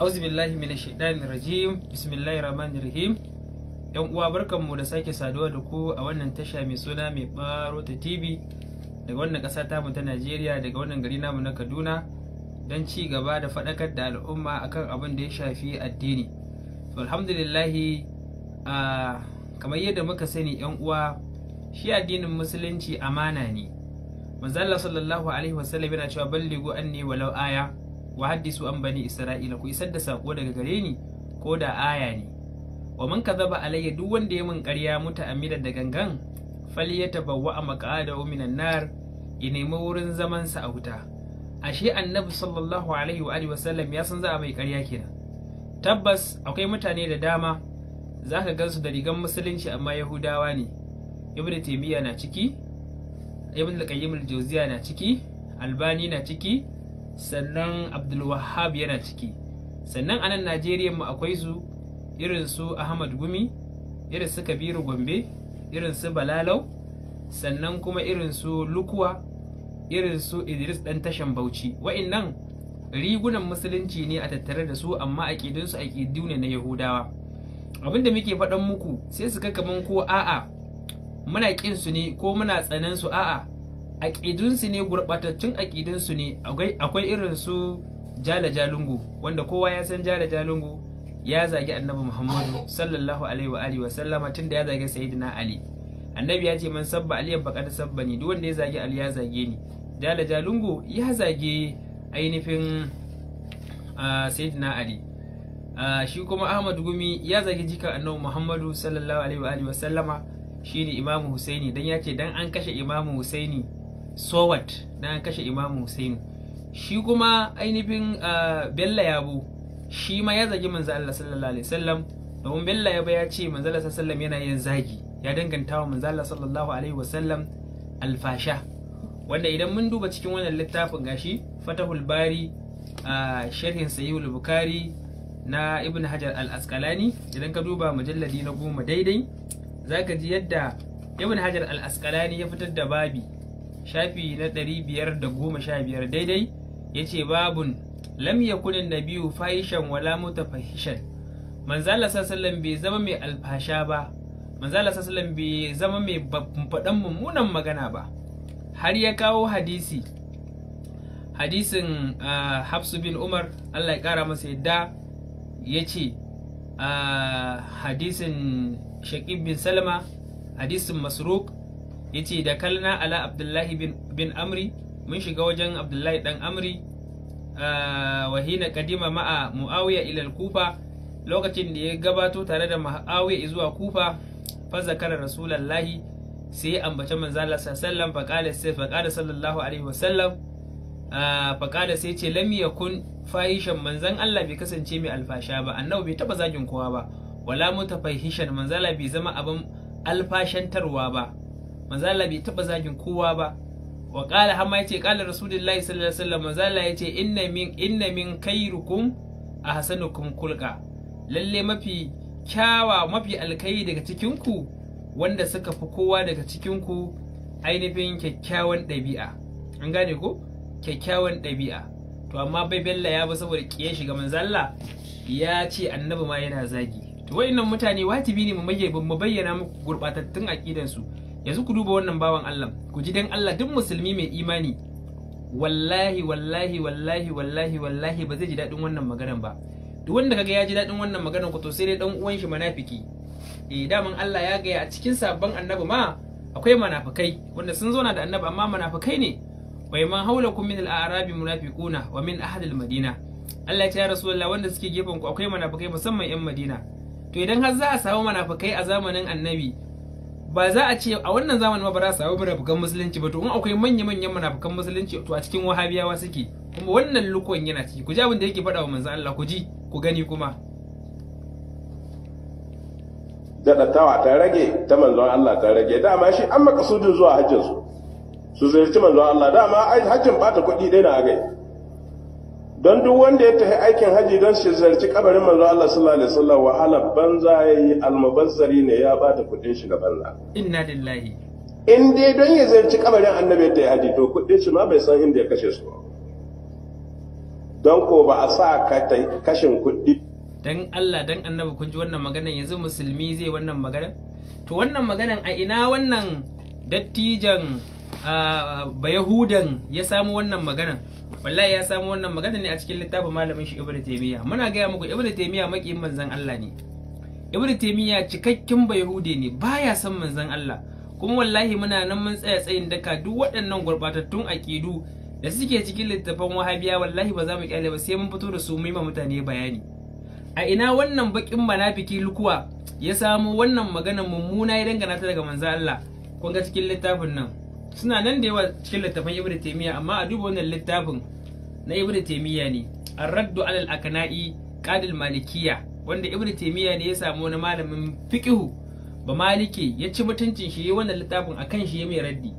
auzu billahi minash shaitanir rajim bismillahir rahmanir rahim yan uwa mu da sake saduwa da ku a wannan tasha mai suna mai baro ta tv daga wannan ƙasa mu ta najeriya daga wannan gari namu na kaduna don ci gaba da faɗakar da al'umma akan abin da ya shafi addini to kamar yadda muka sani yan uwa shi addinin musulunci amana ne Allah sallallahu alaihi wasallam yana cewa balligu anni walau aya wa haddisu an bani isra'ila ku isar da sako daga gare ni ko da aya ne wa man kadhaba alayya duk wanda ya min ƙarya amira da gangan falyatabawwa wa minan nar ya nemi wurin zaman sa a wuta ashe annabi sallallahu alaihi wa alihi wasallam ya san za a mai ƙarya kenan tabbas akwai mutane da dama za ka gansu da rigan musulunci amma yahudawa ne ibn taymiya na ciki ibn al-qayyim al-jawziya na ciki albani na ciki sannan abdulwahab yana ciki sannan a nan najeriya mu akwai su irin su ahmad gumi irin su kabiru gombe irin su balalau sannan kuma irin su lukuwa irin su idris dan tashan bauchi wa'innan rigunan musulunci ne a tattare da su amma aƙidunsu aƙidu ne na yahudawa abin da muke faɗan muku sai su kaman ko a'a muna ƙinsu su ne ko muna tsanan su a'a aƙidunsu ne gurɓatattun aƙidunsu ne akwai irin su jala jalungu wanda kowa ya san jala jalungu ya zagi annabi muhammadu sallallahu alaihi wa alihi wa sallama tun da ya zagi sayyidina ali annabi ya ce man sabba aliyan kada sabba ni duk wanda ya zagi ali ya zage ni jala jalungu ya zage ainihin sayyidina ali shi kuma ahmad gumi ya zagi jikar annabi muhammadu sallallahu alaihi wa alihi wa sallama shine imamu husaini dan ya ce dan an kashe imamu husaini sowat na kashe imam Hussein shi kuma ainihin uh, Bello Yabo shi ma ya zagi manzo Allah sallallahu alaihi wasallam domin Bello Yabo ya ce manzo Allah sallallahu alaihi wasallam yana yin zagi ya danganta wa manzo Allah sallallahu alaihi wasallam alfasha wanda idan mun duba cikin wannan littafin gashi Fatahul Bari a uh, sharhin Sahihul Bukhari na Ibn Hajar Al-Asqalani idan ka duba mujalladi na goma daidai zaka ji yadda Ibn Hajar Al-Asqalani ya fitar da babi shafi na ɗari biyar da goma sha biyar daidai ya ce babun kunin na nabiyu fahishan wala fahishan manzala sallallahu bai zama mai alfasha ba manzala sallallahu bai zama mai faɗan mummunan magana ba har ya kawo hadisi hadisin ah, hafsu bin umar allah ya kara masa yadda ya ce ah, hadisin shaƙib bin salama hadisin masruk ya ce da kalna ala abdullahi bin amri mun shiga wajen abdullahi dan amri ah, wahina kadima ma'a mu'awiya ila kufa lokacin da ya gabato tare da mu'awiya zuwa kufa fa zakara rasulullahi sai ambace manzala sallam faƙada sai qala sallallahu alaihi wasallam ah, qala sai ce lam yakun fahishan manzan Allah bai kasance mai alfasha ba annabi bai taba zagin kowa ba wala mutafahishan manzala bai zama abin alfashantarwa ba manzo bai taba zagin kowa ba wa qala hamma yace qala rasulullahi sallallahu alaihi wasallam manzo Allah yace inna min inna min khairukum ahsanukum kulqa lalle mafi kyawa mafi alkai daga cikin ku wanda suka fi kowa daga cikin ku ainihin kyakkyawan ɗabi'a an gane ko kyakkyawan ɗabi'a to amma bai bella ya ba saboda kiye shiga manzalla ya ce annabi ma yana zagi to wayannan mutane wajibi ne mu bayyana muku gurbatattun aqidansu su yanzu ku duba wannan bawan Allah ku ji dan Allah duk musulmi mai imani wallahi wallahi wallahi wallahi wallahi ba zai ji daɗin wannan maganar ba duk wanda kaga ya ji daɗin wannan maganar ku to sai dai dan uwan shi munafiki eh daman Allah ya gaya a cikin sabban annabi ma akwai munafikai wanda sun zo na da annabi amma munafikai ne wai man haulakum min al-arabi munafiquna wa min ahli al-madina Allah ya ce rasulullah wanda suke gefen ku akwai munafikai musamman yan Madina to idan har za a samu munafikai a zamanin annabi ba za a ce a wannan zamanin ma ba za su samu munafukan musulunci ba to in akwai manya manyan munafukan musulunci to a cikin wahabiyawa suke kuma wannan lukon yana ciki ku ji abin da yake faɗa wa manzo Allah ku ji ku gani kuma daɗattawa ta rage ta manzon Allah ta rage dama shi an makasudin zuwa hajjin su ziyarci manzon Allah dama hajjin bata kuɗi dai na agai don duk wanda ya tafi aikin haji don shi zarci kabarin manzo Allah sallallahu alaihi wasallam wahala banza yayi almubazzari ne ya bata kudin shi ga banza inna lillahi in dai don ya zarci kabarin annabi ta haji to kudin shi ma bai san inda ya kashe su don ko ba a sa ka kashin kudi dan Allah dan annabi kun ji wannan maganar yanzu musulmi zai wannan magana to wannan maganar a ina wannan dattijan ah, ah, ba yahudan ya samu wannan maganar wallahi ya samu wannan magana ne a cikin littafin malamin shi ibnu taymiya muna gaya muku ibnu taymiya makiyin manzon Allah ne ibnu taymiya cikakken bayhudi ne baya son manzon Allah kuma wallahi muna nan mun tsaya tsayin daka duk waɗannan gurbatattun aƙidu da suke cikin littafin wahabiya wallahi ba za mu kyale ba sai mun fito da su mu ma mutane bayani a ina wannan bakin manafiki lukuwa ya samu wannan maganar mummuna ya dangana ta daga manzon Allah kun ga cikin littafin nan suna nan da yawa cikin littafin ibn taymiya amma a duba wannan littafin na ibn taymiya ne ar-raddu alal akana'i qadil malikiya wanda ibn taymiya ne ya samu wani malamin fiqhu ba maliki ya ci mutuncin shi wannan littafin akan shi mai raddi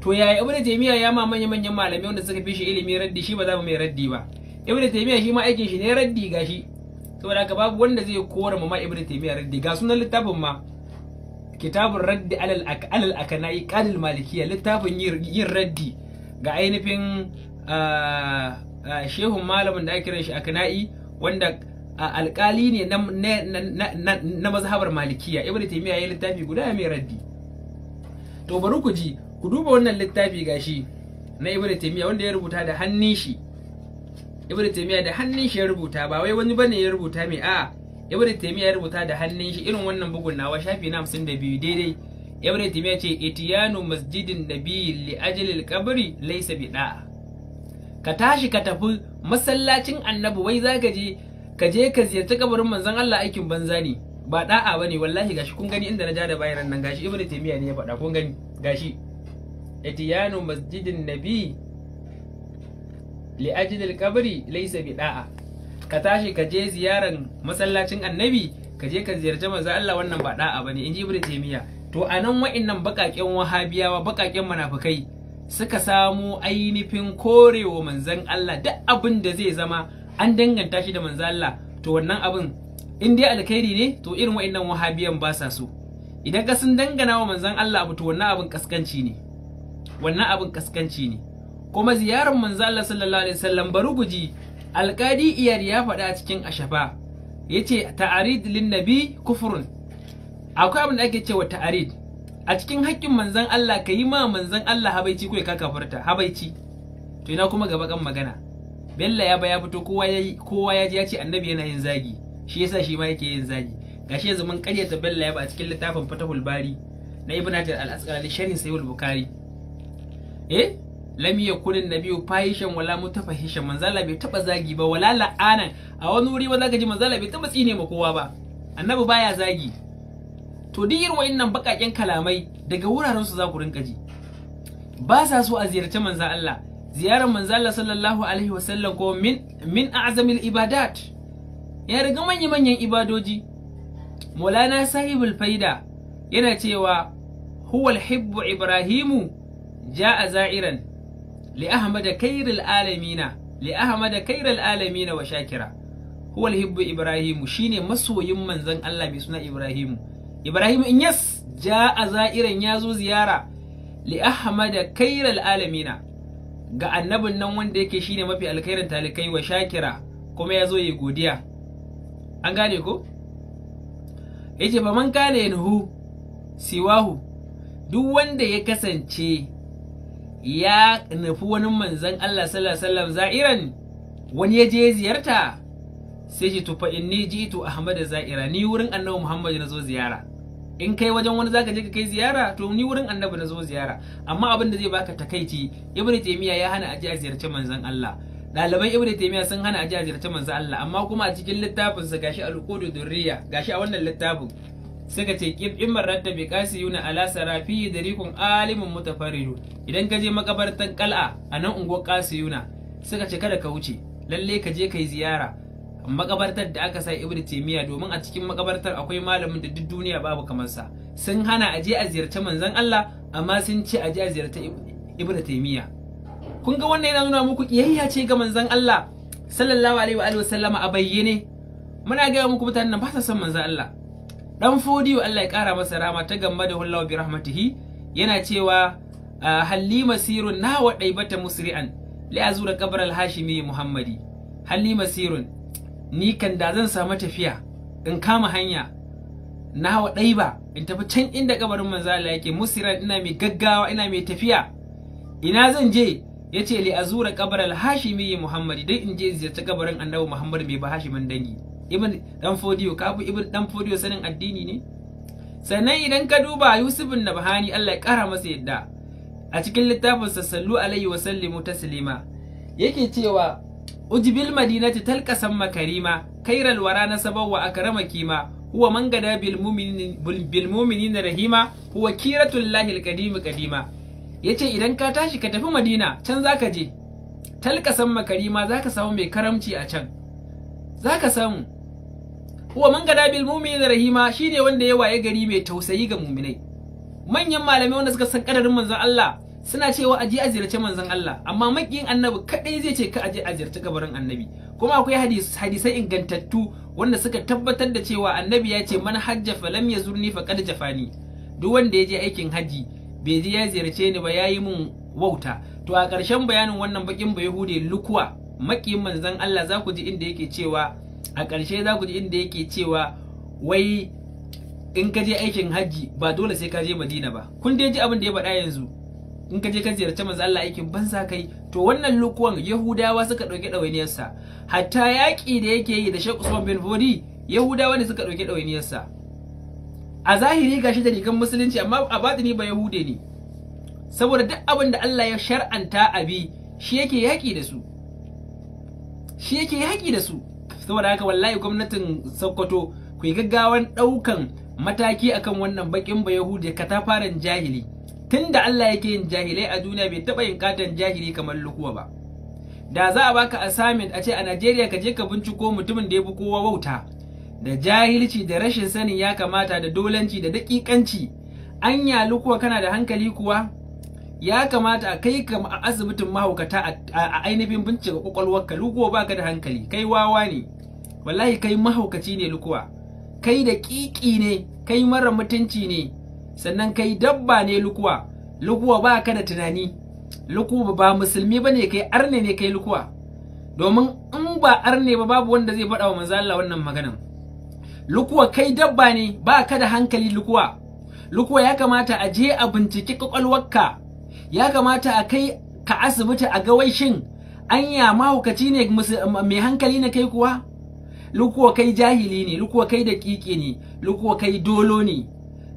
to yaya ibn taymiya ya ma manya manyan malamai wanda suka fi shi ilimi raddi shi ba za mu mai raddi ba ibn taymiya shi ma aikin shi ne raddi gashi saboda haka babu wanda zai kora ma ibn taymiya raddi ga sunan littafin ma kitabun raddi alal akanai kalil malikiya littafin yin raddi ga ainihin ah, ah, shehun malamin da ake kiran shi akanai wanda ah, alkali ne na mazhabar malikiya ibn taymiya ya littafi guda mai raddi to bari ku ji ku duba wannan littafi gashi na ibn taymiya wanda ya rubuta da hannun shi ibn taymiya da hannun shi ya rubuta ba wai wani bane ya rubuta mai a ibn taymiya ya rubuta da hannun shi irin wannan bugun nawa shafi na 52 daidai ibn taymiya ce itiyanu masjidin nabiyyi li ajli al-qabri laysa da'a. ka tashi ka tafi masallacin annabi wai zaka je ka je ka ziyarci kabarin manzon Allah aikin banza ne ba da'a bane wallahi gashi kun gani inda na ja da bayan nan gashi ibn taymiya ne ya faɗa kun gani gashi itiyanu masjidin nabiyyi li ajli al-qabri laysa da'a. ka tashi ka je ziyaran masallacin annabi ka je ka ziyarci manzo Allah wannan ba da'a bane in ji ibnu taymiya to anan wa'annan bakaken wahabiyawa bakaken munafikai suka samu ainihin korewa manzon Allah duk abin da zai zama an danganta shi da manzo Allah to wannan abin in dai alkhairi ne to irin wa'annan wahabiyan ba sa so idan ka sun dangana wa manzon Allah abu to wannan abin kaskanci ne wannan abin kaskanci ne kuma ziyarar manzo Allah sallallahu alaihi wasallam baruguji alkadi iyar ya faɗa cikin ashafa ya ce ta'arid linnabi kufurun akwai abin da ake cewa ta'arid a cikin haƙƙin manzan Allah ka yi ma manzan Allah habaici ko ka kafarta habaici to ina kuma gaba kan magana bella ya ba ya fito kowa ya kowa ya ji ya ce annabi yana yin zagi shi yasa shi ma yake yin zagi gashi yanzu mun karyata bella ya ba a cikin littafin fatahul bari na ibn hajar al-asqalani sharhin sayyid al-bukhari eh lam yakunin nabiyu fahishan wala mutafahishan Allah bai taba zagi ba wala la'ana a wani wuri wanda ji Allah bai taba tsine ma kowa ba annabi baya zagi to duk irin wayannan bakakken kalamai daga wuraren su za ku rinka ji ba sa so a ziyarci manzo Allah ziyarar manzo Allah sallallahu alaihi wasallam ko min min a'zamil ibadat ya riga manyan manyan ibadoji Maulana Sahibul Faida yana cewa huwal hibbu Ibrahimu ja'a za'iran li ahmad kairil alamina li ahmad kairil alamina wa shakira huwa hibbu ibrahimu shine masoyin manzon Allah mai suna ibrahimu ibrahimu in yas ja'a za'iran yazo ziyara li ahmad kairil alamina ga annabin nan wanda yake shine mafi alkhairin talikai wa shakira kuma yazo yi godiya an gane ko yace ba man kana yanhu siwahu duk wanda ya kasance ya nufi wani manzan Allah sallallahu alaihi za'iran wani ya je ziyarta sai shi tufa inni jitu Ahmad za'ira ni wurin Annabi Muhammad na zo ziyara in kai wajen wani zaka je ka kai ziyara to ni wurin Annabi na zo ziyara amma abin da zai baka takaici Ibn Taymiyyah ya hana aje a ziyarci manzan Allah ɗaliban Ibn Taymiyyah sun hana aje a ziyarci manzan Allah amma kuma a cikin littafin sa gashi al-Qudud Durriya gashi a wannan littafin suka ce in marratta bi qasiyuna ala sarafi darikun alimun mutafaridu idan ka je makabartan qal'a a nan unguwar qasiyuna suka ce kada ka wuce lalle ka je kai ziyara makabartar da aka sa ibnu taymiya domin a cikin makabartar akwai malamin da duk duniya babu kamar sa sun hana a je a ziyarci manzon Allah amma sun ce a je a ziyarci ibnu taymiya kun ga wannan yana nuna muku kiyayya ce ga manzon Allah sallallahu alaihi wa alihi wasallama a bayyane muna ga muku mutanen nan ba sa son manzon Allah dan fodiyo Allah ya kara masa rama ta gamma da hullahu bi rahmatihi yana cewa ah, halima sirun na wa daibata musri'an li azura qabr al hashimi muhammadi halima sirun ni kan da zan samu tafiya in kama hanya na wa daiba in tafi can inda kabarin manzo Allah yake musri'an ina mai gaggawa ina mai tafiya ina zan je yace li azura qabr al hashimi muhammadi dai in je ziyarci kabarin annabi muhammad mai ba hashimin dangi ibn dan fodiyo ka bu ibn dan fodiyo sanin addini ne sannan idan ka duba yusuf bin nabhani Allah ya kara masa yadda a cikin littafin sa sallu alaihi wa sallimu taslima yake cewa ujbil madinati talqasan makarima kairal wara nasabaw wa akrama kima huwa bil mu'minin bil mu'minin rahima huwa kiratul lahi al qadim qadima yace idan ka tashi ka tafi madina can zaka je talqasan makarima zaka samu mai karamci a can zaka samu huwa man gada bil da rahima shine wanda ya waye gari mai tausayi ga mu'minai manyan malamai wanda suka san kadarin manzon Allah suna cewa aje a ziyarci manzon Allah amma makiyin annabi kadai zai ce ka aje a ziyarci kabarin annabi kuma akwai hadisai ingantattu wanda suka tabbatar da cewa annabi ya ce man hajja falam yazurni faqad jafani duk wanda ya je aikin haji bai je ya ziyarce ni ba yayi mun wauta to a ƙarshen bayanin wannan bakin ba yahude lukuwa makiyin manzon Allah za ku ji inda yake cewa a ƙarshe za ku ji inda yake cewa wai in ka je aikin hajji ba dole sai ka je madina ba kun dai ji abin da ya faɗa yanzu in ka je ka ziyarci manzo Allah aikin banza kai to wannan lukuwan yahudawa suka ɗauki ɗawainiyarsa hatta yaƙi da yake yi da Sheikh Usman bin Fodi yahudawa ne suka ɗauki ɗawainiyarsa a zahiri gashi da rigar musulunci amma a batini ba yahude ne saboda duk abin da Allah ya shar'anta abi shi yake yaƙi da su shi yake yaƙi da su saboda haka wallahi gwamnatin sokoto ku yi gaggawan ɗaukan mataki akan wannan bakin ba yahudi katafaren jahili tunda Allah yake yin jahilai a duniya bai taɓa yin katon jahili kamar lukuwa ba da za a baka assignment a ce a Najeriya ka je ka binciko mutumin da ya fi kowa wauta da jahilci da rashin sanin ya kamata da dolanci da daƙiƙanci anya lukuwa kana da hankali kuwa ya kamata a kai ka a asibitin mahaukata a ainihin bincika kwakwalwarka lukuwa baka da hankali kai wawa ne wallahi kai mahaukaci ne lukuwa kai da kiki ne kai mara mutunci ne sannan kai dabba ne lukuwa lukuwa ba ka da tunani lukuwa ba musulmi ba ne kai arne ne kai lukuwa domin in ba arne ba babu wanda zai faɗa wa manzo Allah wannan maganan lukuwa kai dabba ne ba ka da hankali lukuwa lukuwa ya kamata a je a binciki kwakwalwarka ya kamata a kai ka asibiti a ga wai shin anya mahaukaci ne mai hankali na kai kuwa lukuwa kai jahili ne lukuwa kai daƙiƙi ne lukuwa kai dolo ne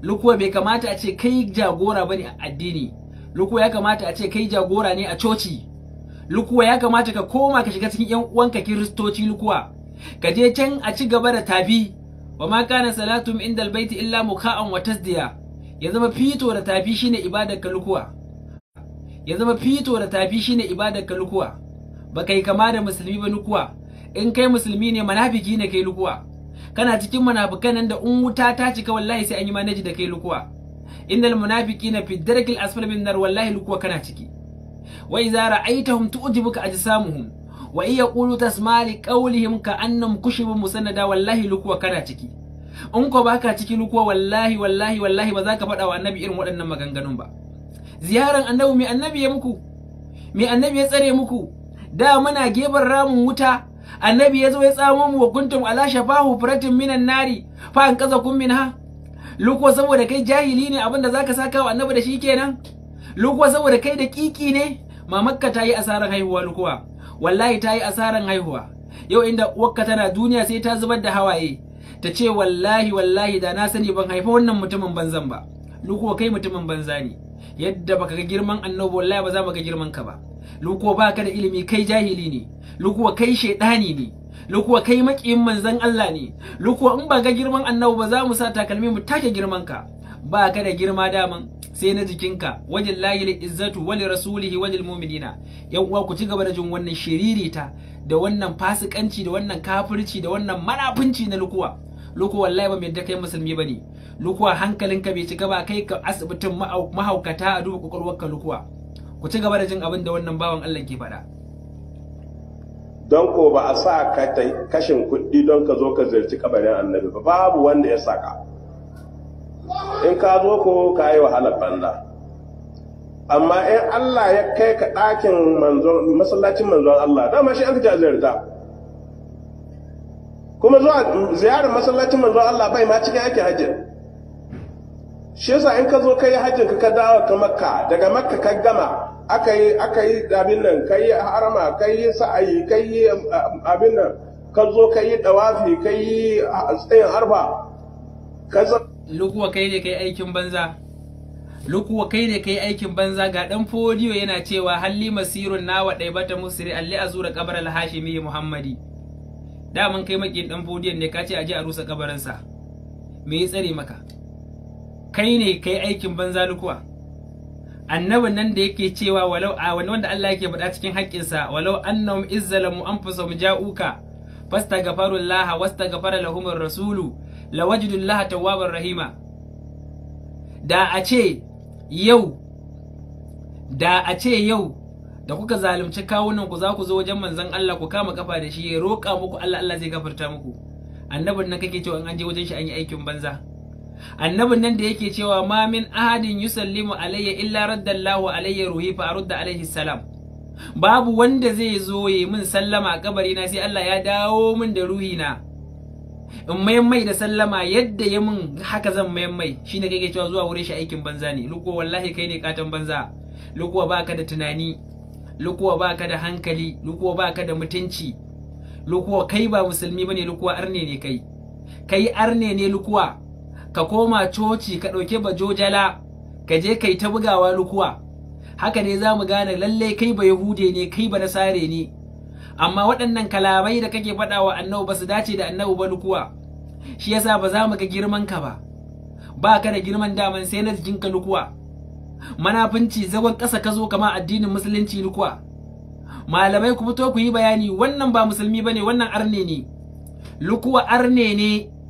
lukuwa bai kamata a ce kai jagora bane a addini lukuwa ya kamata a ce kai jagora ne a coci lukuwa ya kamata ka koma ka shiga cikin yan uwanka kiristoci lukuwa ka je can a ci gaba da tafi wa ma kana min indal baiti illa muka'an wa tasdiya ya zama fito da tafi shine ibadar ka lukuwa ya zama fito da tafi shine ibadar ka lukuwa ba kai kama da musulmi ba lukuwa in kai musulmi ne manafiki ne kai lukuwa kana cikin munafukan nan da in wuta ta cika wallahi sai an yi manaji da kai lukuwa innal munafiqina fi darkil asfali min nar wallahi lukuwa kana ciki wa idza ra'aytahum tu'jibuka ajsamuhum wa iya qulu tasmali qawlihim ka annam kushibu, musannada wallahi lukuwa kana ciki in ko baka ciki lukuwa wallahi wallahi wallahi ba za ka faɗa wa annabi irin waɗannan maganganun ba ziyaran annabi mai annabi ya muku mai annabi ya tsare muku da muna gefen ramin wuta annabi ya zo ya tsamo mu wa kuntum ala shafahu furatin minan nari fa an kaza kun minha luko saboda kai jahili ne abinda zaka saka wa annabi da shi kenan luko saboda kai da kiki ne mamakka ta yi asaran haihuwa lukuwa wallahi ta yi asaran haihuwa yau inda uwarka tana duniya sai ta zubar da hawaye ta ce wallahi wallahi da na sani ban haifa wannan mutumin banzan ba lukuwa kai mutumin banza ne yadda baka ga girman annabi wallahi ba za mu ga girman ka ba lukuwa baka da ilimi kai jahili ne lukuwa kai shaidani ne lukuwa kai makiyin manzan Allah ne lukuwa in ba ga girman annabi ba za mu sa takalmi mu take girman ka ba ka da girma daman sai na jikinka wajen da izzatu wani rasulihi wajen muminina yan uwa ku ci gaba da jin wannan shiririta da wannan fasikanci da wannan kafirci da wannan manafinci na lukuwa luku wallahi ba mai da kai musulmi bane lukuwa hankalinka bai cika ba kai ka asibitin mahaukata a duba kwakwalwarka lukuwa ku ci gaba da jin abin da wannan bawan Allah ke faɗa. Don ko ba a sa ka kashin kuɗi don ka zo ka ziyarci kabarin annabi ba babu wanda ya saka. In ka zo ko ka yi wahalar banda. Amma in Allah ya kai ka ɗakin manzon masallacin manzon Allah dama shi an ka ziyarta. Kuma zuwa ziyarar masallacin manzon Allah bai ma cikin yake hajjin. shi yasa in ka zo ka yi hajjin ka dawo ka makka daga makka ka gama aka yi aka yi abin nan kai harama kai sa'ayi kai eh, abin nan ka zo kai dawafi kai tsayin harba ka lukuwa kai ne kai aikin banza lukuwa kai ne kai aikin banza ga dan fodiyo yana cewa halli masirun nawa daibata musiri alli azura kabar al-hashimi muhammadi da mun kai makin dan fodiyon ne ka ce aje a rusa kabarinsa me yi tsare maka kai ne kai aikin banza lukuwa annabin nan da yake cewa walau a wani wanda Allah yake faɗa cikin haƙƙinsa walau annahum izzalamu anfusahum ja'uka fastaghfirullah wastaghfara lahum ar-rasulu lawajidullah tawwabar rahima da a ce yau da a ce yau da kuka zalunci kawunan ku za ku zo wajen manzon Allah ku kama kafa da shi ya roƙa muku Allah Allah zai gafarta muku annabin nan kake cewa an je wajen shi an yi aikin banza annabin nan da yake cewa ma min ahadin yusallimu alayya illa raddallahu alayya ruhi fa arudda alayhi salam babu wanda zai zo ya min sallama a kabari na sai Allah ya dawo min da ruhi na in mayan mai da sallama yadda ya min haka zan mayan mai shine kake cewa zuwa wurin shi aikin banza ne luko wallahi kai ne katon banza luko baka da tunani luko baka da hankali luko baka da mutunci luko kai ba musulmi bane luko arne ne kai kai arne ne lukuwa ka koma coci ka ɗauki bajojala ka je kai ta bugawa lukuwa haka ne za mu gane lalle kai ba yahude ne kai ba nasare ne amma waɗannan kalamai da kake faɗa wa annabu ba su dace da annabu ba lukuwa shi yasa ba za mu ga girman ka ba ba ka da girman daman sai na jikinka lukuwa manafinci zagon ƙasa ka zo kama addinin musulunci lukuwa malamai ku fito ku yi bayani wannan ba musulmi bane wannan arne ne lukuwa arne ne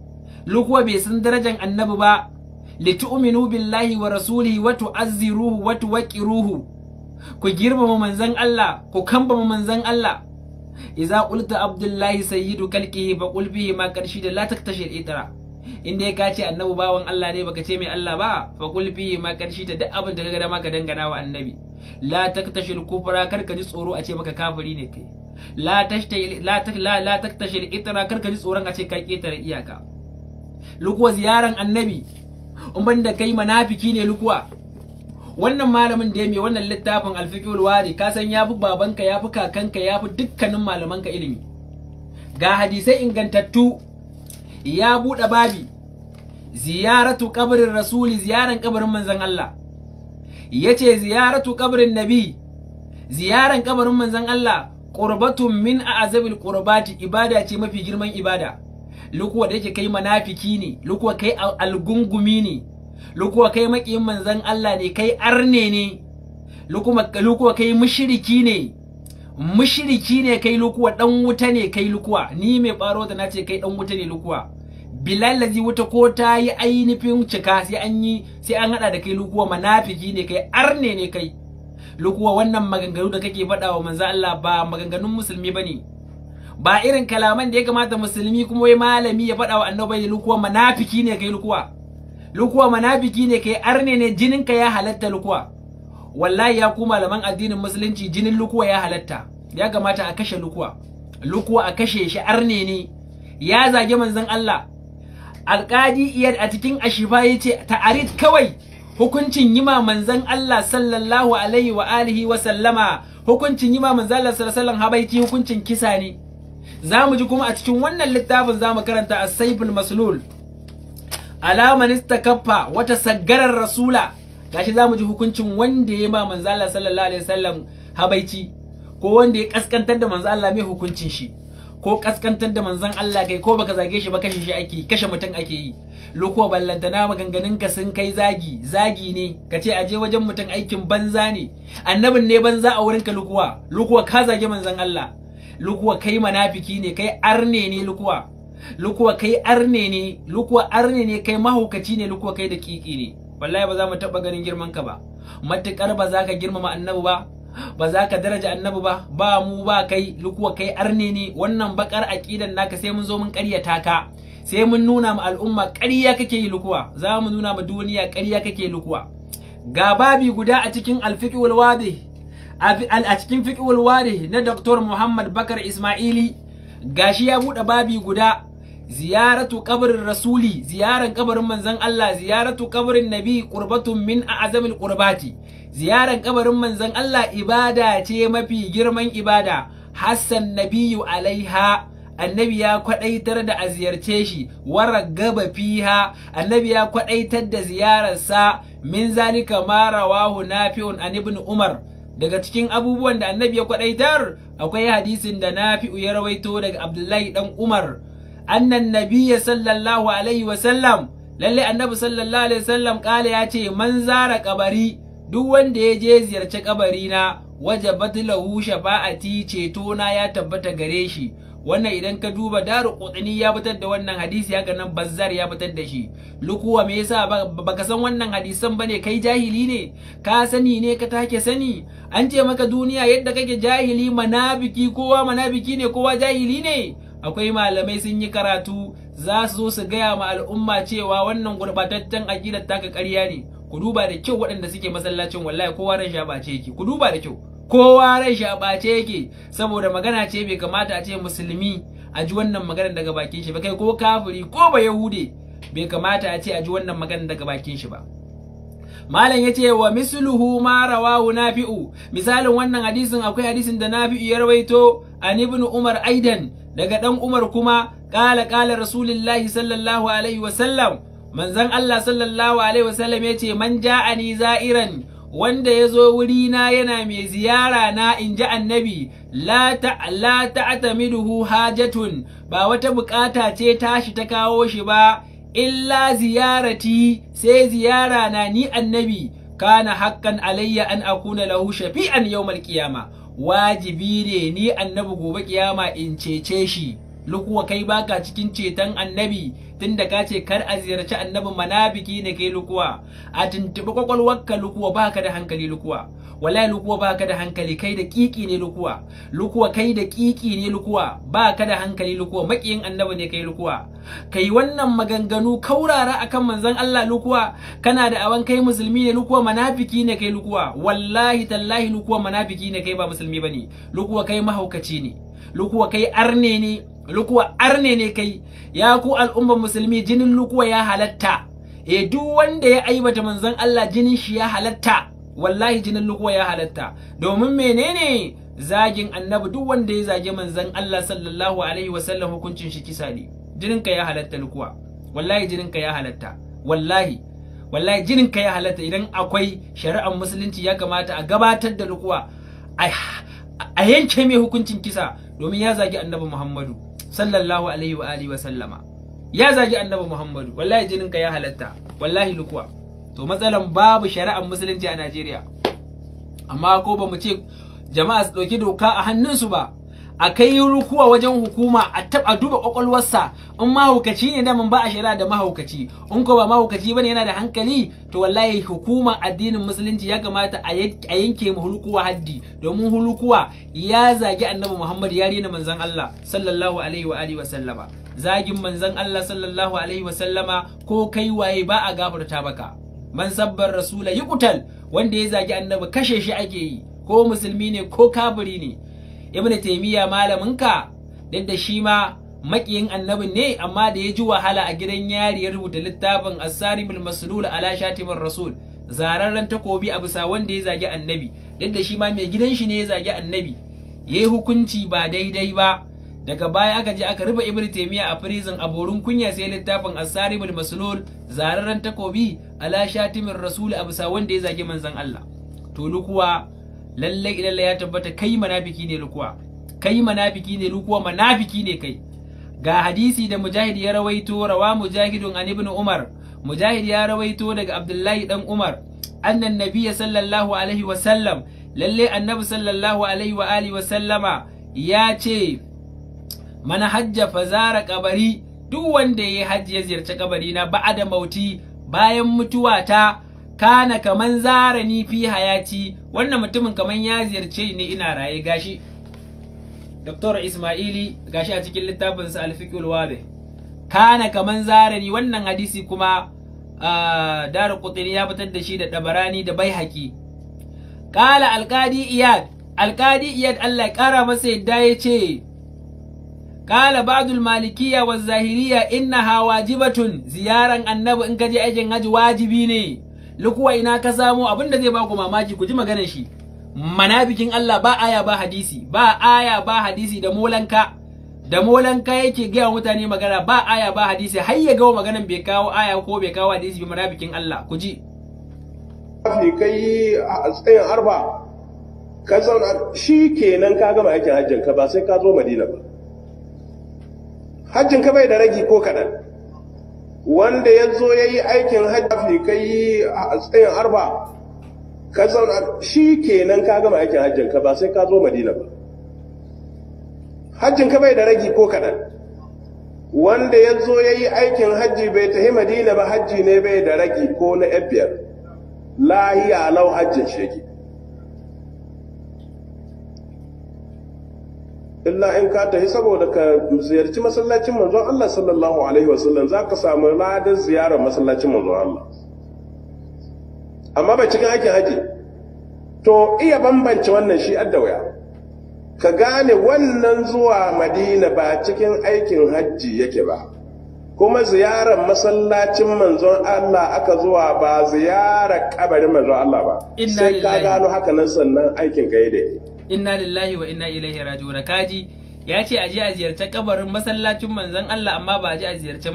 lukuwa bai san darajan annabi ba litu'minu billahi wa rasulihi wa tu'azziruhu wa tuwaqqiruhu ku girmama manzon Allah ku kambama manzon Allah idza qulta abdullahi sayyidu kalqihi fa qul bihi ma karshi da la taktashir itra inda ya kace annabi bawan Allah ne baka ce mai Allah ba fa qul bihi ma karshi da duk abin da kaga dama ka dangana wa annabi la taktashir kufra kar ka ji tsoro a ce maka kafiri ne kai la taktashir itra kar ka ji tsoron a ce ka ketare iyaka lukuwa ziyaran annabi in ban da kai manafiki ne lukuwa wannan malamin da ya mai wannan littafin alfiqul wari ka san yafi babanka yafi kakanka yafi dukkanin malamanka ilimi ga hadisai ingantattu ya buɗe babi ziyaratu kabarin rasuli ziyaran ƙabarin manzon Allah yace ziyaratu kabarin nabi ziyaran ƙabarin manzon Allah qurbatun min a'zabil qurbati ibada ce mafi girman ibada lukuwa da yake kai manafiki ne lukuwa kai algungumi ne lukuwa kai makiyin manzan Allah ne kai arne ne lukuwa kai mushiriki ne mushiriki ne kai lukuwa dan wuta ne kai lukuwa ni mai baro da nace kai dan wuta ne lukuwa bilal lazi wuta ko ta yi ainihin cika sai an yi sai an hada da kai lukuwa manafiki ne kai arne ne kai lukuwa wannan maganganu da kake faɗa wa manzan Allah ba maganganun musulmi bane ba irin kalaman da ya kamata musulmi kuma wai malami ya faɗa wa annabi lukuwa manafiki ne kai lukuwa lukuwa manafiki ne kai arne ne jinin ka ya halatta lukuwa wallahi ya ku malaman addinin musulunci jinin lukuwa ya halatta ya kamata a kashe lukuwa lukuwa a kashe shi arne ne ya zage manzon Allah alƙadi iyad a cikin ashifa yace ta'arid kawai hukuncin yima manzon Allah sallallahu alaihi wa alihi wa sallama hukuncin yima manzon Allah sallallahu alaihi wa sallam habaiti hukuncin kisa ne za mu ji kuma a cikin wannan littafin za mu karanta a saifin maslul alaman istakaffa wata saggarar rasula gashi za mu ji hukuncin wanda ya ma Manzala sallallahu alaihi wasallam habaici ko wanda ya kaskantar da manzo mai hukuncin shi ko kaskantar da manzon Allah kai ko baka zage shi ba kashe shi ake kashe mutum ake yi lokuwa ballantana maganganun ka sun kai zagi zagi ne ka ce aje wajen mutum aikin banza ne annabin ne banza a wurin ka lukuwa lukuwa ka zage manzon Allah lukuwa kai manafiki ne kai arne ne lukuwa lukuwa kai arne ne lukuwa arne ne kai mahaukaci ne lukuwa kai da ne wallahi ba za mu taba ganin girman ka ba matukar ba za ka girmama annabi ba ba za ka daraja annabi ba ba mu ba kai lukuwa kai arne ne wannan bakar aqidan naka sai mun zo mun karyata ka sai mun nuna ma al'umma ƙarya kake yi lukuwa za mu nuna ma duniya ƙarya kake lukuwa ga babi guda a cikin alfiqul wadih a cikin fiqhul warih na Dr. Muhammad Bakar Ismaili gashi ya buɗe babi guda ziyaratu kabarin rasuli ziyaran ƙabarin manzon Allah ziyaratu kabarin nabi qurbatun min a'zamil qurbati ziyaran ƙabarin manzon Allah ibada ce mafi girman ibada hassan nabiyu alaiha annabi ya kwadaitar da a ziyarce shi wara gaba fiha annabi ya kwadaitar da ziyararsa min zalika ma rawahu nafi'un an ibn umar daga cikin abubuwan da annabi ya kwadaitar akwai hadisin da nafi'u ya rawaito daga abdullahi dan umar annan nabiyya sallallahu alaihi sallam lalle annabi sallallahu alaihi sallam kala ya ce man zara kabari duk wanda ya je ziyarci kabari na wajabat lahu shafa'ati ceto na ya tabbata gare shi wannan idan ka duba daru kutsini ya fitar da wannan hadisi haka nan bazzar ya fitar da shi lukuwa me yasa baka san wannan hadisan bane kai jahili ne ka sani ne ka take sani an ce maka duniya yadda kake jahili manabiki kowa manabiki ne kowa jahili ne akwai malamai sun yi karatu za su zo su gaya ma al'umma cewa wannan gurbataccen aƙidar taka ƙarya ne ku duba da kyau waɗanda suke masallacin wallahi kowa ran shaba ce ki ku duba da kyau kowa rai ɓace yake saboda magana ce bai kamata a ce musulmi a ji wannan magana daga bakin shi ba kai ko kafiri ko ba yahude bai kamata a ce a ji wannan magana daga bakin shi ba malam yace wa misluhu ma rawahu nafi'u misalin wannan hadisin akwai hadisin da nafi'u ya rawaito an ibnu umar aidan daga dan umar kuma qala qala rasulullahi sallallahu alaihi wasallam manzon Allah sallallahu alaihi wasallam yace man ja'ani za'iran wanda ya zo na yana mai ziyara na in ji annabi la ta'tamiduhu hajatun ba wata bukata ce tashi ta kawo shi ba illa ziyarati sai ziyara na ni annabi kana hakkan alayya an akuna lahu shafi'an yawmal qiyama wajibi ne ni annabi gobe kiyama in cece shi lukuwa kai baka cikin ceton annabi tunda ka ce kar a ziyarci annabi manabiki ne kai lukuwa a tuntuɓi kwakwalwarka lukuwa baka da hankali lukuwa wallahi lukuwa baka da hankali kai da kiki ne lukuwa lukuwa kai da kiki ne lukuwa baka da hankali lukuwa makiyin annabi ne kai lukuwa kai wannan maganganu kaurara akan manzon Allah lukuwa kana da awan kai musulmi ne lukuwa manafiki ne kai lukuwa wallahi tallahi lukuwa manafiki ne kai ba musulmi bane lukuwa kai mahaukaci ne lukuwa kai arne ne lukuwa arne ne kai ya ku al'umma musulmi jinin lukuwa ya halatta e duk wanda ya aibata manzon Allah jinin shi ya halatta wallahi jinin lukuwa ya halatta domin menene zagin annabi duk wanda ya zage manzon Allah sallallahu alaihi wasallam hukuncin shi kisa ne jininka ya halatta lukuwa wallahi jininka ya halatta wallahi wallahi jininka ya halatta idan akwai shari'ar musulunci ya kamata a gabatar da lukuwa a yanke mai hukuncin kisa domin ya zagi annabi Muhammadu sallallahu alaihi wa alihi wa sallama ya zagi annabi Muhammadu wallahi jinin ka ya halatta wallahi lukuwa to matsalan babu shari'ar musulunci a Najeriya amma ko ba mu ce jama'a su ɗauki doka a hannunsu ba a kai rukuwa wajen hukuma a taba duba kwakwalwarsa in mahaukaci ne daman ba a shari'a da mahaukaci in ko ba mahaukaci bane yana da hankali to wallahi hukumar addinin musulunci ya kamata a yanke mu hulkuwa haddi domin hulkuwa ya zagi annabi Muhammad ya rena manzon Allah sallallahu alaihi wa alihi wa sallama zagin manzon Allah sallallahu alaihi wa sallama ko kai waye ba a gafarta baka man sabbar rasula yuqtal wanda ya zagi annabi kashe shi ake yi ko musulmi ne ko kafiri ne ibnu taimiyya malaminka duk da shi ma makiyin annabin ne amma da ya ji wahala a gidan yari ya rubuta littafin asarimul maslul ala shatimar rasul zararren takobi a bisa wanda ya zagi annabi duk da shi ma mai gidan shi ne ya zagi annabi yayi hukunci ba daidai ba daga baya aka je aka rufe ibn taimiyya a prison a borin kunya sai littafin asarimul maslul zararren takobi ala shatimar rasul a bisa wanda ya zagi manzon Allah to kuwa lallai ilallai ya tabbata kai manafiki ne lukuwa kai manafiki ne lukuwa manafiki ne kai ga hadisi da mujahid ya rawaito rawa mujahidun an ibn umar mujahid ya rawaito daga abdullahi dan umar annan nabiyya sallallahu alaihi wa sallam lalle annabi sallallahu alaihi wa alihi wa sallama ya ce mana hajja fazara kabari duk wanda ya yi hajji ya ziyarci kabari na ba'a da mauti bayan mutuwa ta. kana kaman zara ni fi hayati wannan mutumin kaman ya ziyarce ni ina raye gashi Dr. Ismaili gashi a cikin littafin sa Al-Fiqhul kana kaman zara ni wannan hadisi kuma Daru Qutni ya fitar da shi da Dabarani da bai Baihaqi Kala Alqadi Iyad Alqadi Iyad Allah ya kara masa yadda ya ce Kala ba'dul malikiyya wa zahiriyya innaha wajibatun ziyaran annabi in kaje aikin haji wajibi ne lukuwa ina ka samo abin da zai ba ku mamaki ku ji maganar shi manabikin Allah ba aya ba hadisi ba aya ba hadisi da molanka da molanka yake gaya mutane magana ba aya ba hadisi har ya gawo maganar bai kawo aya ko bai kawo hadisi bi manabikin Allah ku ji kafi kai a tsayin arba ka zauna shi kenan ka gama aikin hajjin ka ba sai ka zo madina ba hajjin ka bai da ragi ko kaɗan wanda ya zo ya yi aikin hajji ka yi a tsayin arba ka zauna shi kenan ka gama aikin hajjin ka ba sai ka zo madina ba hajjin ka bai da ragi ko kaɗan wanda ya zo ya yi aikin hajji bai tafi madina ba hajji ne bai da ragi ko na ebiyar lahiya lau hajjin shi illa in ka tafi saboda ka ziyarci masallacin manzon Allah sallallahu alaihi sallam za ka samu ladan ziyarar masallacin manzon Allah amma bai cikin aikin haji to iya bambance wannan shi adda ka gane wannan zuwa madina ba cikin aikin hajji yake ba kuma ziyarar masallacin manzon Allah aka zuwa ba ziyarar kabarin manzon Allah ba sai ka gano haka nan sannan aikin ka yi daidai inna lillahi wa inna ilaihi raji'un kaji ya ce a je a ziyarci kabarin masallacin manzon Allah amma ba a je a ziyarci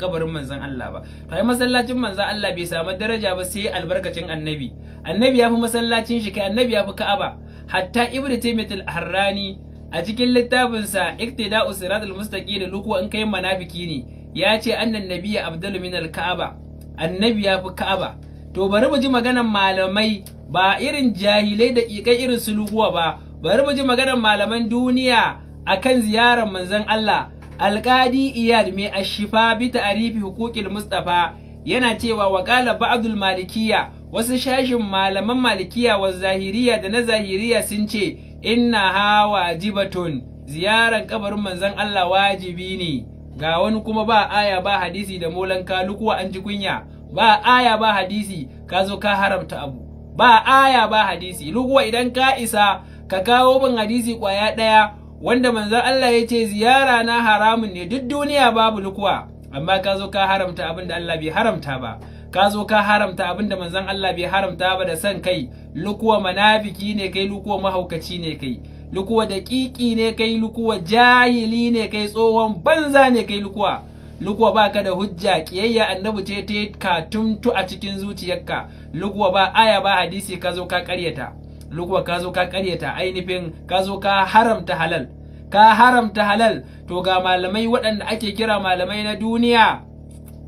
kabarin manzon Allah ba to ai masallacin manzon Allah bai samu daraja ba sai albarkacin annabi annabi ya fi masallacin shi kai annabi ya fi ka'aba hatta ibnu taymiyyah al-harrani a cikin littafinsa iktida'u siratul mustaqim da luku in kai manafiki ne ya ce annan nabiyya abdul min al-ka'aba annabi ya fi ka'aba to bari mu ji maganan malamai ba irin jahilai da ƙiƙai irin suluhuwa ba bari mu ji maganan malaman duniya a kan ziyarar manzon Allah alƙadi iyad mai ashifa bi ta'rifi hukukil Mustapha yana cewa wa qala ba'dul malikiya wasu shashin malaman malikiya wa zahiriya da na zahiriya sun ce inna ha wajibatun ziyarar kabarin manzon Allah wajibi ne ga wani kuma ba aya ba hadisi da molan kalukuwa an ji kunya ba aya ba hadisi ka zo ka haramta abu ba aya ba hadisi lugwa idan ka isa ka kawo bin hadisi kwaya ɗaya wanda manzon Allah ya ce ziyara na haramun ne duk duniya babu lukuwa amma ka zo ka haramta abin da Allah bai haramta ba ka zo ka haramta abin da manzon Allah bai haramta ba da san kai lukuwa manafiki ne kai lukuwa mahaukaci ne kai lukuwa daƙiƙi ne kai lukuwa jahili ne kai tsohon banza ne kai lukuwa lugwa ba ka da hujja kiyayya annabi ce ta katuntu a cikin zuciyarka lugwa ba aya ba hadisi ka zo ka karyata lugwa ka zo ka karyata ainihin ka zo ka haramta halal ka haramta halal to ga malamai waɗanda ake kira malamai na duniya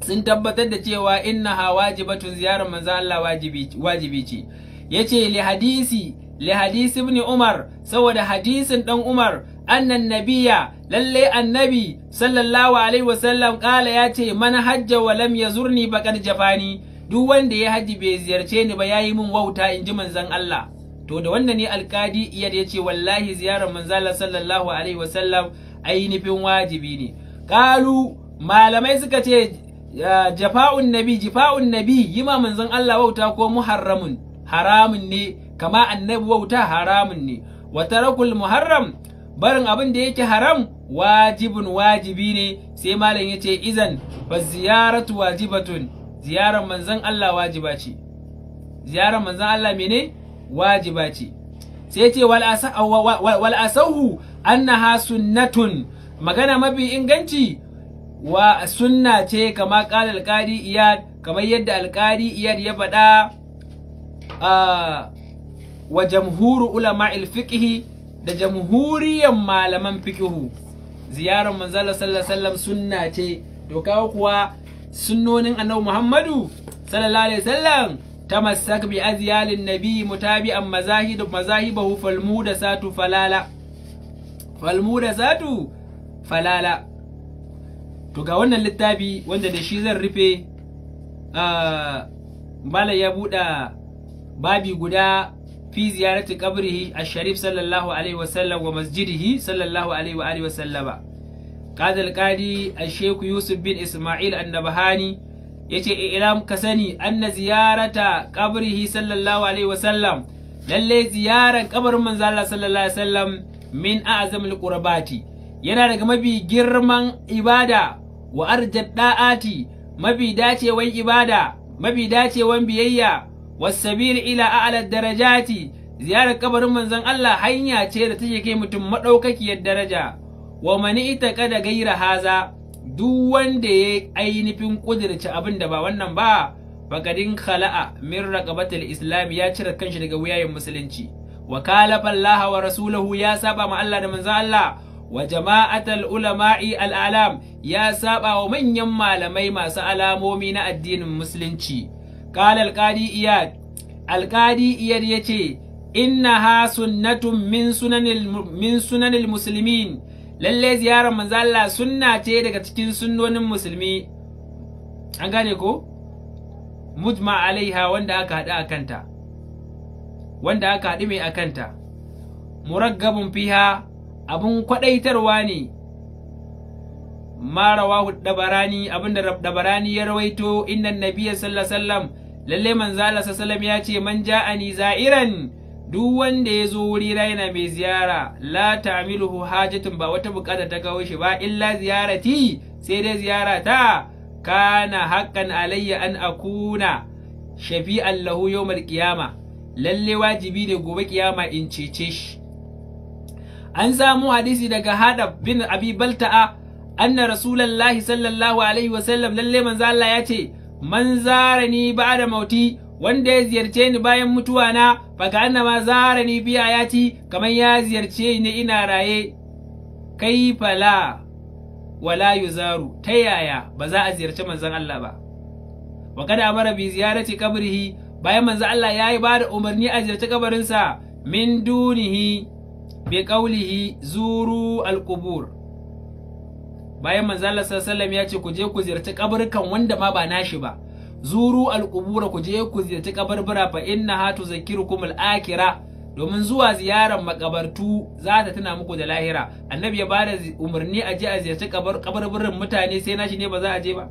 sun tabbatar da cewa inna ha wajibatun ziyarar manzo Allah wajibi ce yace li hadisi li hadisi ibn Umar saboda hadisin dan Umar annan nabiya lalle annabi sallallahu alaihi wasallam kala ya ce mana hajja wa lam yazurni bakar jafani duk wanda ya haji bai ziyarce ni ba yayi min wauta in ji Allah to da wannan ne alkadi iyad ya ce wallahi ziyarar manzala sallallahu alaihi wasallam ainihin wajibi ne kalu malamai suka ce jafa'un nabi Jafa'un nabi yima manzon Allah wauta ko muharramun haramun ne kama annabi wauta haramun ne wa tarakul muharram barin abin da yake haram wajibin wajibi ne sai malam ya ce izan fa ziyaratu wajibatun ziyarar manzan Allah wajiba ce ziyarar manzan Allah mene wajiba ce sai ce wal asahu annaha sunnatun magana mafi inganci wa sunna ce kama kala alƙari iyad kamar yadda alƙari iyad ya faɗa ah, wa jamhuru ulama al-fiqh da jamhuriyar malaman fikihu ziyarar manzala sallallahu alaihi sunna ce to kawo kuwa sunnonin annabi muhammadu sallallahu alaihi wasallam tamassak bi aziyalin nabi mutabi'an mazahid mazahibahu falmuda satu falala falmuda satu falala to ga wannan littafi wanda da shi zan rufe ah, mala ya buɗa babi guda fi ziyarati qabrihi ash-sharif sallallahu alaihi wa sallam wa masjidihi sallallahu alaihi wa alihi wa sallama qala al-qadi ash-shaykh yusuf bin isma'il an-nabhani yace ilam ka sani anna ziyarata qabrihi sallallahu alaihi wa sallam lalle ziyaran kabarin manzo Allah sallallahu alaihi wa sallam min a'zamil qurbati yana daga mafi girman ibada wa arjad da'ati mafi dacewan ibada mafi dacewan biyayya wasabil ila a'la darajati ziyarar kabarin manzon Allah hanya ce da take kai mutum madaukakiyar daraja wa mani ita kada gaira haza duk wanda ya ainihin kudirce abin da ba wannan ba fakadin khala'a min raqabatil islam ya cire kanshi daga wuyayen musulunci wa kalafa rasuluhu, wa ya saba ma Allah da manzon Allah wa jama'atal ulama'i al'alam ya saba wa manyan malamai masu alamomi na addinin musulunci qala Alƙadi iyad alqadi iyad yace innaha sunnatun min sunanil min sunanil muslimin lalle ziyarar manzo Allah sunna ce daga cikin sunnonin musulmi an gane ko mujma alaiha wanda aka haɗu akanta wanda aka haɗu mai akanta muraggabun fiha abun kwadaitarwa ne ma rawahu dabarani abinda dabarani ya rawaito innan nabiyya sallallahu alaihi lalle manzala sallam ya ce man ja'ani za'iran duk wanda ya zo wuri raina mai ziyara la ta'miluhu hajatun ba wata bukata ta kawo shi ba illa ziyarati sai dai ziyara ta kana haqqan alayya an akuna shafi'an lahu yawmal qiyama lalle wajibi ne gobe kiyama in cece shi an samu hadisi daga hadab bin abi balta'a anna rasulullahi sallallahu alaihi wasallam lalle manzo Allah ya ce man zara ni ba da mauti wanda ya ziyarce ni bayan mutuwa na ga annama zara ni biya ya ci kamar ya ziyarce ni ina raye kai fala wala yuzaru ta yaya ba za a ziyarci manzon Allah ba wa kada amara bi ziyarati kabrihi bayan manzan Allah ya yi bada umarni a ziyarci kabarinsa min dunihi bi qawlihi zuru al bayan manzo Allah sallallahu ya ce ku je ku ziyarci kabarkan wanda ma ba nashi ba zuru alqubura ku je ku ziyarci kabarbura fa inna Zakiru zakirukum alakhirah domin zuwa ziyarar makabartu za ta tuna muku da lahira annabi ya bada umarni a je a ziyarci kabarburin mutane sai nashi ne ba za a je ba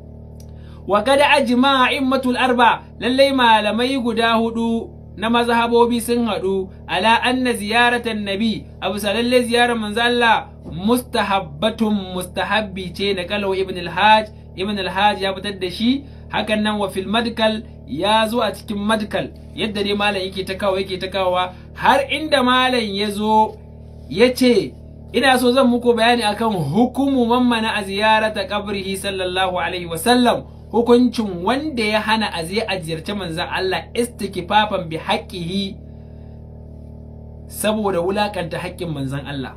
wa kada ajma'a immatul arba lallai malamai guda hudu na mazhabobi sun haɗu ala anna ziyaratan nabi abu salalle ziyarar manzo Allah mustahabbatun mustahabbi ce na kalau ibn al ibn al ya fitar da shi hakan nan wa fil madkal ya zo a cikin madkal yadda ne malam yake ta kawo yake ta kawowa har inda malam ya zo ya ce ina so zan muku bayani akan hukumu Mamman mana a ziyarata kabrihi sallallahu alaihi wasallam hukuncin wanda ya hana a zai a manzan Allah istikifafan bi haƙƙihi saboda wulaƙanta haƙƙin manzan Allah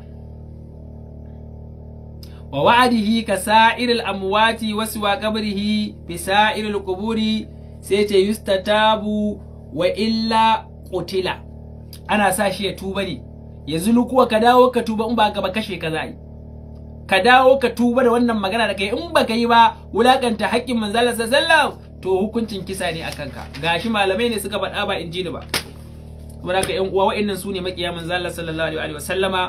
wa wa'adihi ka sa'ir amwati wasu wa qabrihi bi sa'iril ƙuburi, sai ce yustatabu wa illa ƙutila, ana sa shi ya tuba ne yanzu lukuwa ka dawo ka tuba in ba ka ba kashe ka za'i ka dawo ka tuba da wannan magana da kai in ba ka yi ba wulakanta haƙƙin manzo Allah sallallahu to hukuncin kisa ne akan ka gashi malamai ne suka faɗa ba in ji ni ba saboda ka ƴan uwa wa'annan su ne makiya manzo Allah sallallahu alaihi wa sallama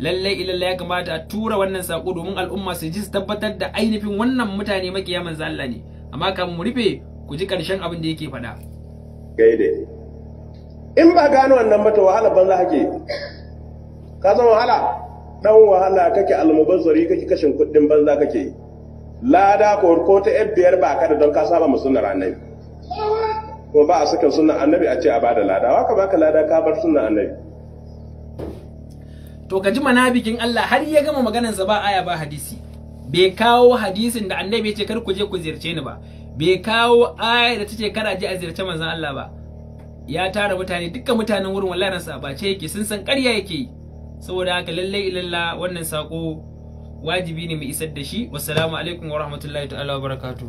lallai ilalla ya kamata a tura wannan sako domin al'umma su ji su tabbatar da ainihin wannan mutane makiya manzo Allah ne amma kan mu rufe ku ji karshen abin da yake faɗa gaide in ba gano wannan ba wahala banza hake ka san wahala dan wahala kake almubazzari kake kashin kuɗin banza kake lada ko ko ta yan biyar ba ka da don ka saba mu sunnar annabi ko ba a saka sunnar annabi a ce a bada lada wa ka baka lada ka bar sunnar annabi to ka ji manabikin Allah har ya gama maganarsa ba aya ba hadisi bai kawo hadisin da annabi ya ce kar ku je ku ziyarce ni ba bai kawo aya da ta ce kar a je a ziyarce manzon Allah ba ya tara mutane dukkan mutanen wurin wallahi sa ba ce yake sun san ƙarya yake yi saboda haka lallai ilalla wannan sako wajibi ne mu isar da shi wassalamu alaikum wa rahmatullahi ta'ala wa barakatuh